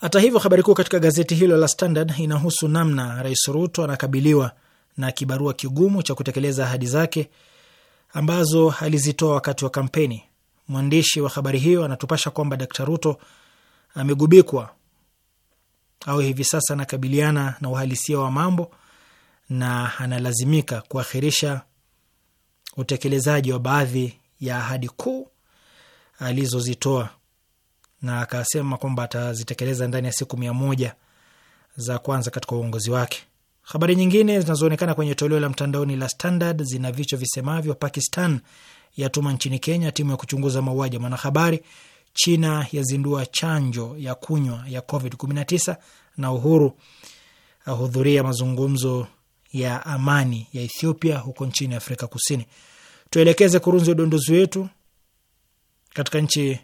Hata hivyo, habari kuu katika gazeti hilo la Standard inahusu namna Rais Ruto anakabiliwa na kibarua kigumu cha kutekeleza ahadi zake ambazo alizitoa wakati wa kampeni. Mwandishi wa habari hiyo anatupasha kwamba Dkt. Ruto amegubikwa au hivi sasa anakabiliana na uhalisia wa mambo na analazimika kuakhirisha utekelezaji wa baadhi ya ahadi kuu alizozitoa na akasema kwamba atazitekeleza ndani ya siku mia moja za kwanza katika uongozi wake. Habari nyingine zinazoonekana kwenye toleo la mtandaoni la Standard zina vichwa visemavyo: Pakistan yatuma nchini Kenya timu ya kuchunguza mauaji ya mwanahabari, China yazindua chanjo ya kunywa ya COVID-19 na Uhuru ahudhuria mazungumzo ya amani ya Ethiopia huko nchini Afrika Kusini. Tuelekeze kurunzi udondozi wetu katika nchi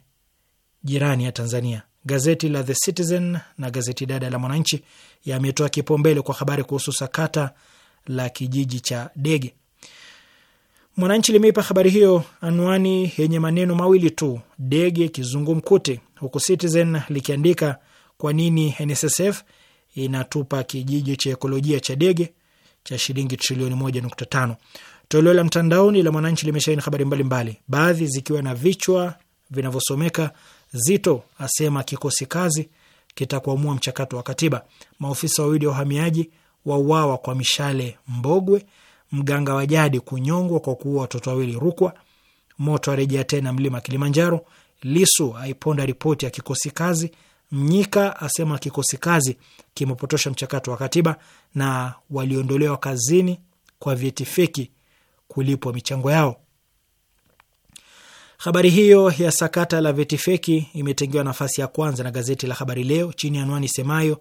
jirani ya Tanzania. Gazeti la The Citizen na gazeti dada la Mwananchi yametoa kipaumbele kwa habari kuhusu sakata la kijiji cha Dege. Mwananchi limeipa habari hiyo anwani yenye maneno mawili tu, Dege kizungumkuti, huku Citizen likiandika kwa nini NSSF inatupa kijiji cha ekolojia cha Dege cha shilingi trilioni moja nukta tano. Toleo la mtandaoni la Mwananchi limeshaini habari mbalimbali, baadhi zikiwa na vichwa vinavyosomeka Zito asema kikosi kazi kitakuamua mchakato wa katiba. Maofisa wawili wa uhamiaji wauawa kwa mishale Mbogwe. Mganga wa jadi kunyongwa kwa kuua watoto wawili Rukwa. Moto arejea tena mlima Kilimanjaro. Lisu aiponda ripoti ya kikosi kazi. Mnyika asema kikosi kazi kimepotosha mchakato wa katiba, na waliondolewa kazini kwa vyeti feki kulipwa michango yao. Habari hiyo ya sakata la vyeti feki imetengewa nafasi ya kwanza na gazeti la Habari Leo chini ya anwani semayo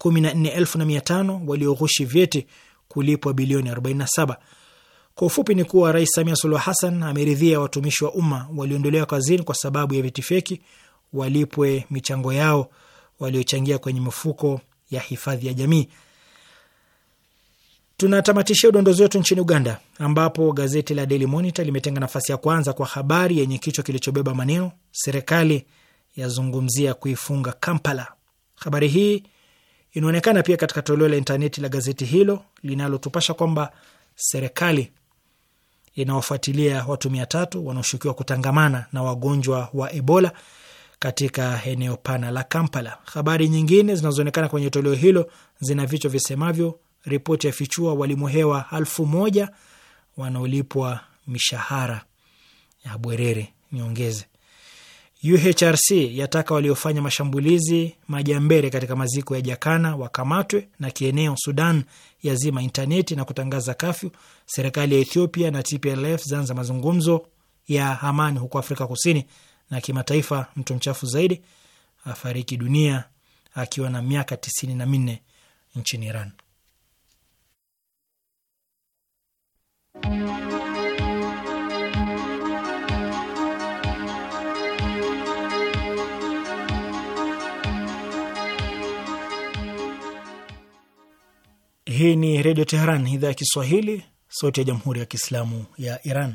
14,500 walioghushi vyeti kulipwa bilioni 47. Kwa ufupi ni kuwa Rais Samia Suluhu Hassan ameridhia watumishi wa umma waliondolewa kazini kwa sababu ya vyeti feki walipwe michango yao waliochangia kwenye mifuko ya hifadhi ya jamii. Tunatamatishia udondozi wetu nchini Uganda, ambapo gazeti la Daily Monitor limetenga nafasi ya kwanza kwa habari yenye kichwa kilichobeba maneno serikali yazungumzia kuifunga Kampala. Habari hii inaonekana pia katika toleo la intaneti la gazeti hilo linalotupasha kwamba serikali inawafuatilia watu mia tatu wanaoshukiwa kutangamana na wagonjwa wa Ebola katika eneo pana la Kampala. Habari nyingine zinazoonekana kwenye toleo hilo zina vichwa visemavyo ripoti yafichua walimu hewa elfu moja wanaolipwa mishahara ya bwerere. Niongeze, UHRC yataka waliofanya mashambulizi majambere katika maziko ya Jakana wakamatwe, na kieneo Sudan yazima intaneti na kutangaza kafyu. Serikali ya Ethiopia na TPLF zanza mazungumzo ya amani huko Afrika Kusini. Na kimataifa, mtu mchafu zaidi afariki dunia akiwa na miaka tisini na minne nchini Iran. Hii ni Redio Teheran, idhaa ya Kiswahili, sauti ya Jamhuri ya Kiislamu ya Iran.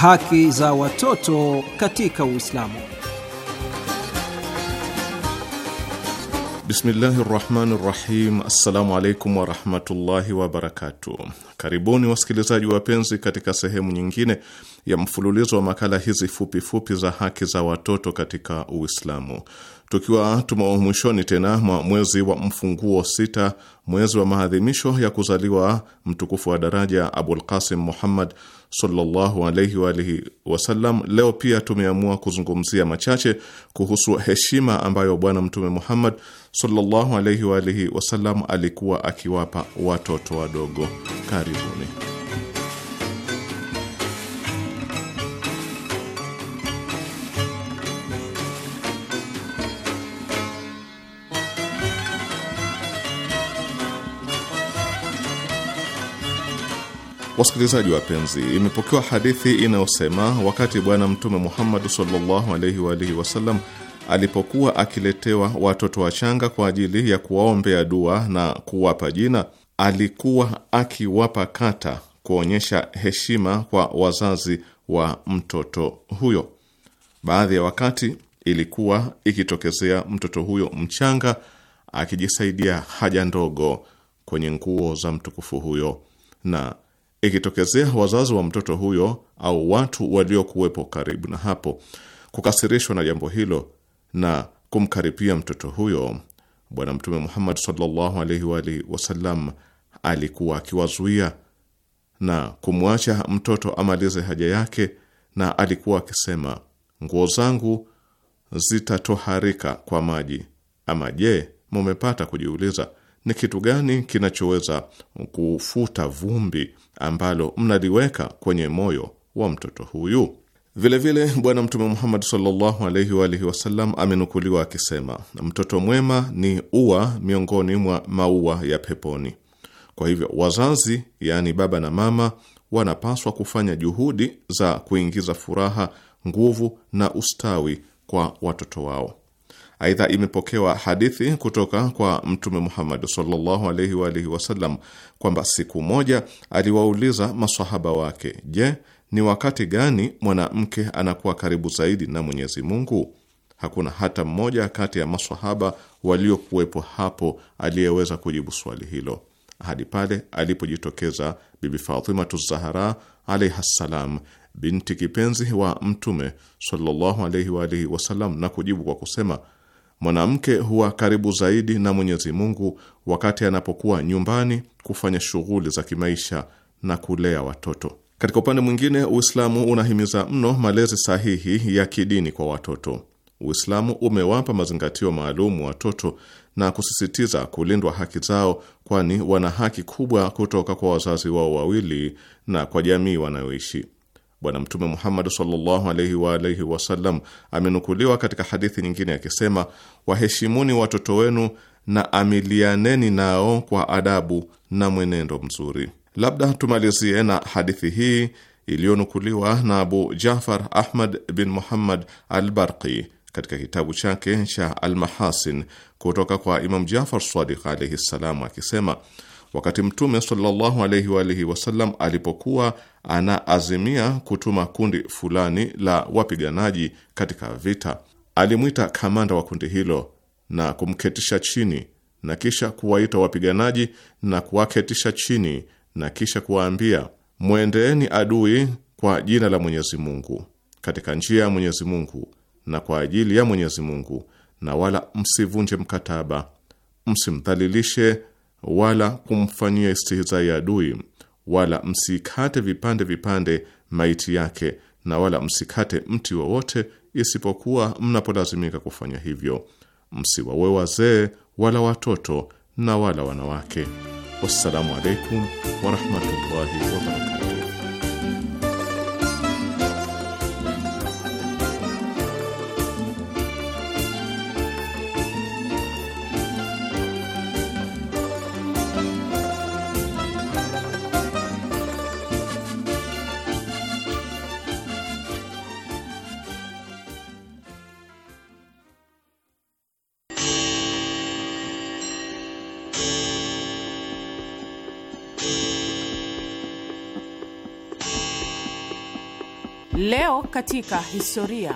haki za watoto katika Uislamu. Bismillahi rahmani rahim. Assalamu alaikum warahmatullahi wabarakatuh. Karibuni wasikilizaji wapenzi, katika sehemu nyingine ya mfululizo wa makala hizi fupifupi fupi za haki za watoto katika Uislamu, tukiwa tumo mwishoni tena mwa mwezi wa mfunguo sita, mwezi wa maadhimisho ya kuzaliwa mtukufu wa daraja abulkasim Muhammad sallallahu wa alihi wasallam. Leo pia tumeamua kuzungumzia machache kuhusu heshima ambayo Bwana Mtume Muhammad sallallahu wa alihi wasallam alikuwa akiwapa watoto wadogo. Karibuni. Wasikilizaji wapenzi, imepokewa hadithi inayosema wakati Bwana Mtume Muhammad sallallahu alaihi wa alihi wasallam alipokuwa akiletewa watoto wachanga kwa ajili ya kuwaombea dua na kuwapa jina, alikuwa akiwapa kata kuonyesha heshima kwa wazazi wa mtoto huyo. Baadhi ya wakati ilikuwa ikitokezea mtoto huyo mchanga akijisaidia haja ndogo kwenye nguo za mtukufu huyo na ikitokezea wazazi wa mtoto huyo au watu waliokuwepo karibu na hapo kukasirishwa na jambo hilo na kumkaribia mtoto huyo, Bwana Mtume Muhammad sallallahu alaihi wa alihi wasallam alikuwa akiwazuia na kumwacha mtoto amalize haja yake, na alikuwa akisema, nguo zangu zitatoharika kwa maji. Ama je, mumepata kujiuliza ni kitu gani kinachoweza kufuta vumbi ambalo mnaliweka kwenye moyo wa mtoto huyu? Vilevile Bwana Mtume Muhammad sallallahu alaihi wa alihi wasallam amenukuliwa akisema, mtoto mwema ni ua miongoni mwa maua ya peponi. Kwa hivyo wazazi, yaani baba na mama, wanapaswa kufanya juhudi za kuingiza furaha, nguvu na ustawi kwa watoto wao. Aidha, imepokewa hadithi kutoka kwa Mtume Muhammad sallallahu alaihi wa alihi wasallam kwamba siku moja aliwauliza masahaba wake, je, ni wakati gani mwanamke anakuwa karibu zaidi na Mwenyezi Mungu? Hakuna hata mmoja kati ya masahaba waliokuwepo hapo aliyeweza kujibu swali hilo hadi pale alipojitokeza Bibi Fatimatu Zahara alaiha ssalam, binti kipenzi wa Mtume sallallahu alaihi wa alihi wasallam, na kujibu kwa kusema mwanamke huwa karibu zaidi na Mwenyezi Mungu wakati anapokuwa nyumbani kufanya shughuli za kimaisha na kulea watoto. Katika upande mwingine, Uislamu unahimiza mno malezi sahihi ya kidini kwa watoto. Uislamu umewapa mazingatio maalumu watoto na kusisitiza kulindwa haki zao, kwani wana haki kubwa kutoka kwa wazazi wao wawili na kwa jamii wanayoishi. Bwana Mtume Muhammad sallallahu alaihi wa alihi wasallam amenukuliwa katika hadithi nyingine akisema, waheshimuni watoto wenu na amilianeni nao kwa adabu na mwenendo mzuri. Labda tumalizie na hadithi hii iliyonukuliwa na Abu Jafar Ahmad bin Muhammad al-Barqi katika kitabu chake cha Almahasin kutoka kwa Imam Jafar Sadiq alaihi ssalam akisema Wakati Mtume sallallahu alaihi wa alihi wasallam alipokuwa anaazimia kutuma kundi fulani la wapiganaji katika vita, alimwita kamanda wa kundi hilo na kumketisha chini na kisha kuwaita wapiganaji na kuwaketisha chini na kisha kuwaambia, mwendeeni adui kwa jina la Mwenyezi Mungu katika njia ya Mwenyezi Mungu na kwa ajili ya Mwenyezi Mungu, na wala msivunje mkataba, msimdhalilishe wala kumfanyia ya adui, wala msikate vipande vipande maiti yake, na wala msikate mti wowote isipokuwa mnapolazimika kufanya hivyo. Msiwawe wazee wala watoto na wala wanawake. Wassalamu alaikum warahmatullahi wabarakatu. katika historia.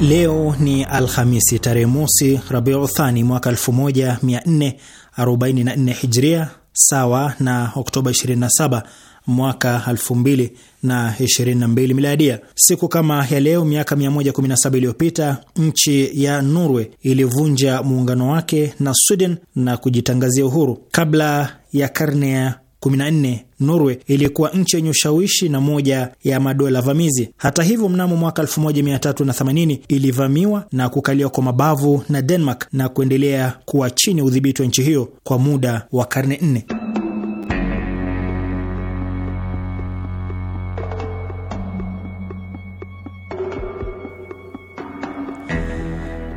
Leo ni Alhamisi tarehe mosi Rabiuthani mwaka 1444 Hijria, sawa na Oktoba 27 mwaka 2022 Miladia. Siku kama ya leo miaka 117 iliyopita nchi ya norwe ilivunja muungano wake na Sweden na kujitangazia uhuru. Kabla ya karne ya 14 Norwe ilikuwa nchi yenye ushawishi na moja ya madola vamizi. Hata hivyo, mnamo mwaka 1380 ilivamiwa na kukaliwa kwa mabavu na Denmark na kuendelea kuwa chini ya udhibiti wa nchi hiyo kwa muda wa karne nne.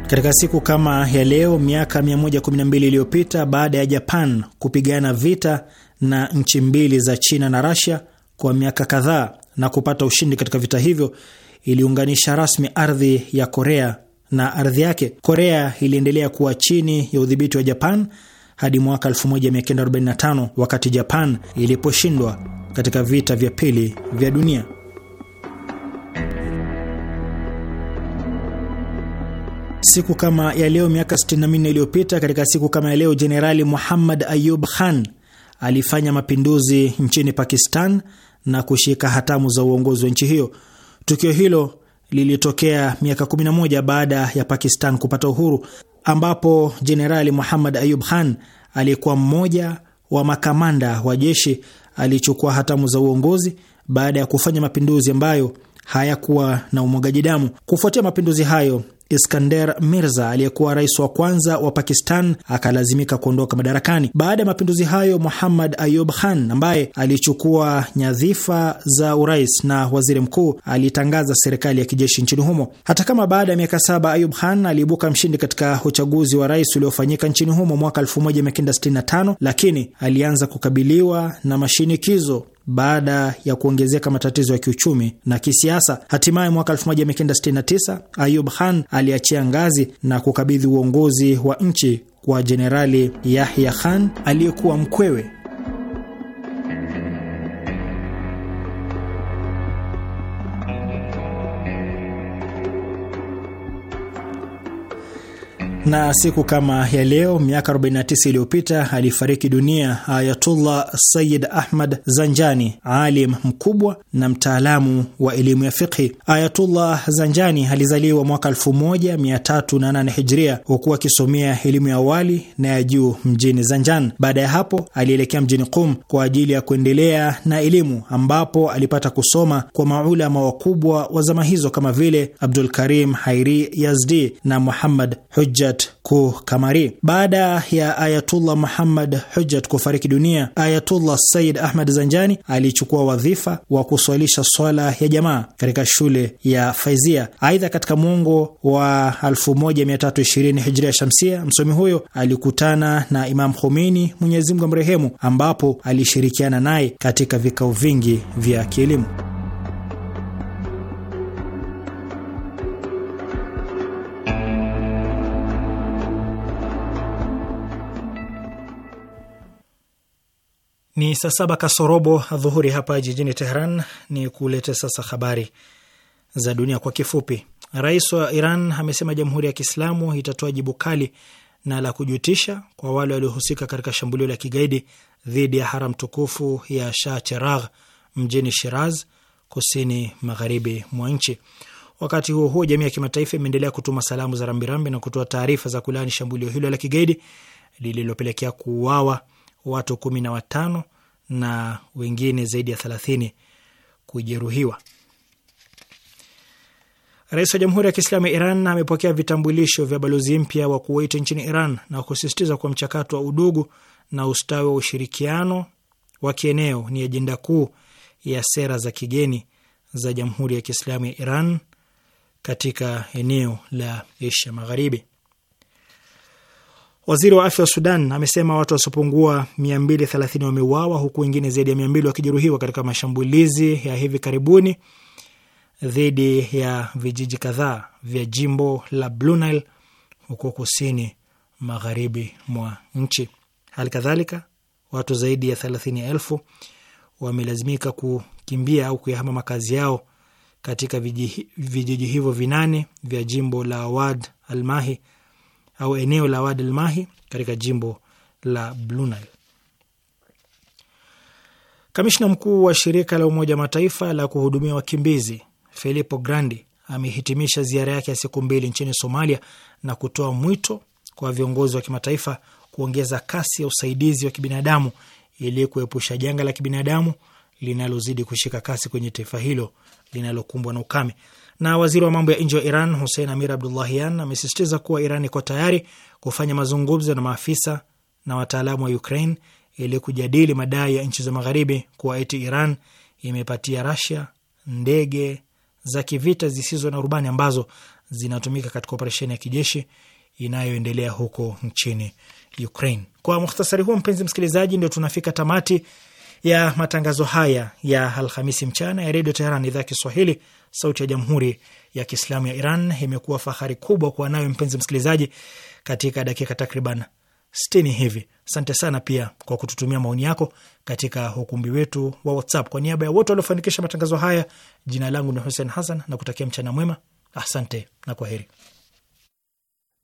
Katika siku kama ya leo miaka 112 iliyopita, baada ya Japan kupigana vita na nchi mbili za China na Rasia kwa miaka kadhaa na kupata ushindi katika vita hivyo, iliunganisha rasmi ardhi ya Korea na ardhi yake. Korea iliendelea kuwa chini ya udhibiti wa Japan hadi mwaka 1945 wakati Japan iliposhindwa katika vita vya pili vya dunia. Siku kama ya leo miaka 64 iliyopita, katika siku kama ya leo, Jenerali Muhammad Ayub Khan alifanya mapinduzi nchini Pakistan na kushika hatamu za uongozi wa nchi hiyo. Tukio hilo lilitokea miaka 11 baada ya Pakistan kupata uhuru, ambapo Jenerali Muhammad Ayub Khan aliyekuwa mmoja wa makamanda wa jeshi alichukua hatamu za uongozi baada ya kufanya mapinduzi ambayo hayakuwa na umwagaji damu. Kufuatia mapinduzi hayo Iskander Mirza aliyekuwa rais wa kwanza wa Pakistan akalazimika kuondoka madarakani. Baada ya mapinduzi hayo, Muhammad Ayub Khan ambaye alichukua nyadhifa za urais na waziri mkuu alitangaza serikali ya kijeshi nchini humo. Hata kama baada ya miaka saba Ayub Khan aliibuka mshindi katika uchaguzi wa rais uliofanyika nchini humo mwaka 1965, lakini alianza kukabiliwa na mashinikizo baada ya kuongezeka matatizo ya kiuchumi na kisiasa. Hatimaye mwaka 1969 Ayub Khan aliachia ngazi na kukabidhi uongozi wa nchi kwa Jenerali Yahya Khan aliyekuwa mkwewe Na siku kama ya leo miaka 49 iliyopita alifariki dunia Ayatullah sayid Ahmad Zanjani, alim mkubwa na mtaalamu wa elimu ya fiqhi. Ayatullah Zanjani alizaliwa mwaka 1308 Hijria, hukuwa akisomea elimu ya awali na ya juu mjini Zanjan. Baada ya hapo alielekea mjini Qum kwa ajili ya kuendelea na elimu, ambapo alipata kusoma kwa maulama wakubwa wa zama hizo kama vile Abdul Karim Hairi Yazdi na Muhammad Hujja Hujat Kukamari. Baada ya Ayatullah Muhammad Hujat kufariki dunia, Ayatullah Said Ahmad Zanjani alichukua wadhifa wa kuswalisha swala ya jamaa katika shule ya Faizia. Aidha, katika mwongo wa 1320 hijria shamsia, msomi huyo alikutana na Imam Khomeini, Mwenyezi Mungu amrehemu, ambapo alishirikiana naye katika vikao vingi vya kielimu. Ni saa saba kasorobo dhuhuri hapa jijini Tehran. Ni kulete sasa habari za dunia kwa kifupi. Rais wa Iran amesema Jamhuri ya Kiislamu itatoa jibu kali na la kujutisha kwa wale waliohusika katika shambulio la kigaidi dhidi ya haram tukufu ya Shah Cheragh mjini Shiraz, kusini magharibi mwa nchi. Wakati huo huo, jamii ya kimataifa imeendelea kutuma salamu za rambirambi na kutoa taarifa za kulaani shambulio hilo la kigaidi lililopelekea kuuawa watu kumi na watano na wengine zaidi ya thelathini kujeruhiwa. Rais wa Jamhuri ya Kiislamu ya Iran amepokea vitambulisho vya balozi mpya wa Kuwait nchini Iran na kusisitiza kwa mchakato wa udugu na ustawi wa ushirikiano wa kieneo ni ajenda kuu ya sera za kigeni za Jamhuri ya Kiislamu ya Iran katika eneo la Asia Magharibi. Waziri wa afya wa Sudan amesema watu wasiopungua 230 wameuawa huku wengine zaidi ya 200 wakijeruhiwa katika mashambulizi ya hivi karibuni dhidi ya vijiji kadhaa vya jimbo la Blue Nile huko kusini magharibi mwa nchi. Hali kadhalika watu zaidi ya 30,000 wamelazimika kukimbia au kuyahama makazi yao katika vijiji hivyo vinane vya jimbo la Awad Almahi au eneo la Wadi Mahi katika jimbo la Blue Nile. Kamishna mkuu wa shirika la Umoja wa Mataifa la kuhudumia wakimbizi Filippo Grandi amehitimisha ziara yake ya siku mbili nchini Somalia na kutoa mwito kwa viongozi wa kimataifa kuongeza kasi ya usaidizi wa kibinadamu ili kuepusha janga la kibinadamu linalozidi kushika kasi kwenye taifa hilo linalokumbwa na ukame. Na waziri wa mambo ya nje wa Iran Hussein Amir Abdullahian amesisitiza kuwa Iran iko tayari kufanya mazungumzo na maafisa na wataalamu wa Ukraine ili kujadili madai ya nchi za magharibi kuwa eti Iran imepatia Rasia ndege za kivita zisizo na rubani ambazo zinatumika katika operesheni ya kijeshi inayoendelea huko nchini Ukraine. Kwa muhtasari huo, mpenzi msikilizaji, ndio tunafika tamati ya matangazo haya ya Alhamisi mchana ya Redio Teheran, idhaa Kiswahili, sauti ya Jamhuri ya Kiislamu ya Iran. Imekuwa fahari kubwa kuwa nayo mpenzi msikilizaji, katika dakika takriban sitini hivi. Asante sana pia kwa kututumia maoni yako katika ukumbi wetu wa WhatsApp. Kwa niaba ya wote waliofanikisha matangazo haya, jina langu ni Hussein Hassan na kutakia mchana mwema. Asante na kwaheri.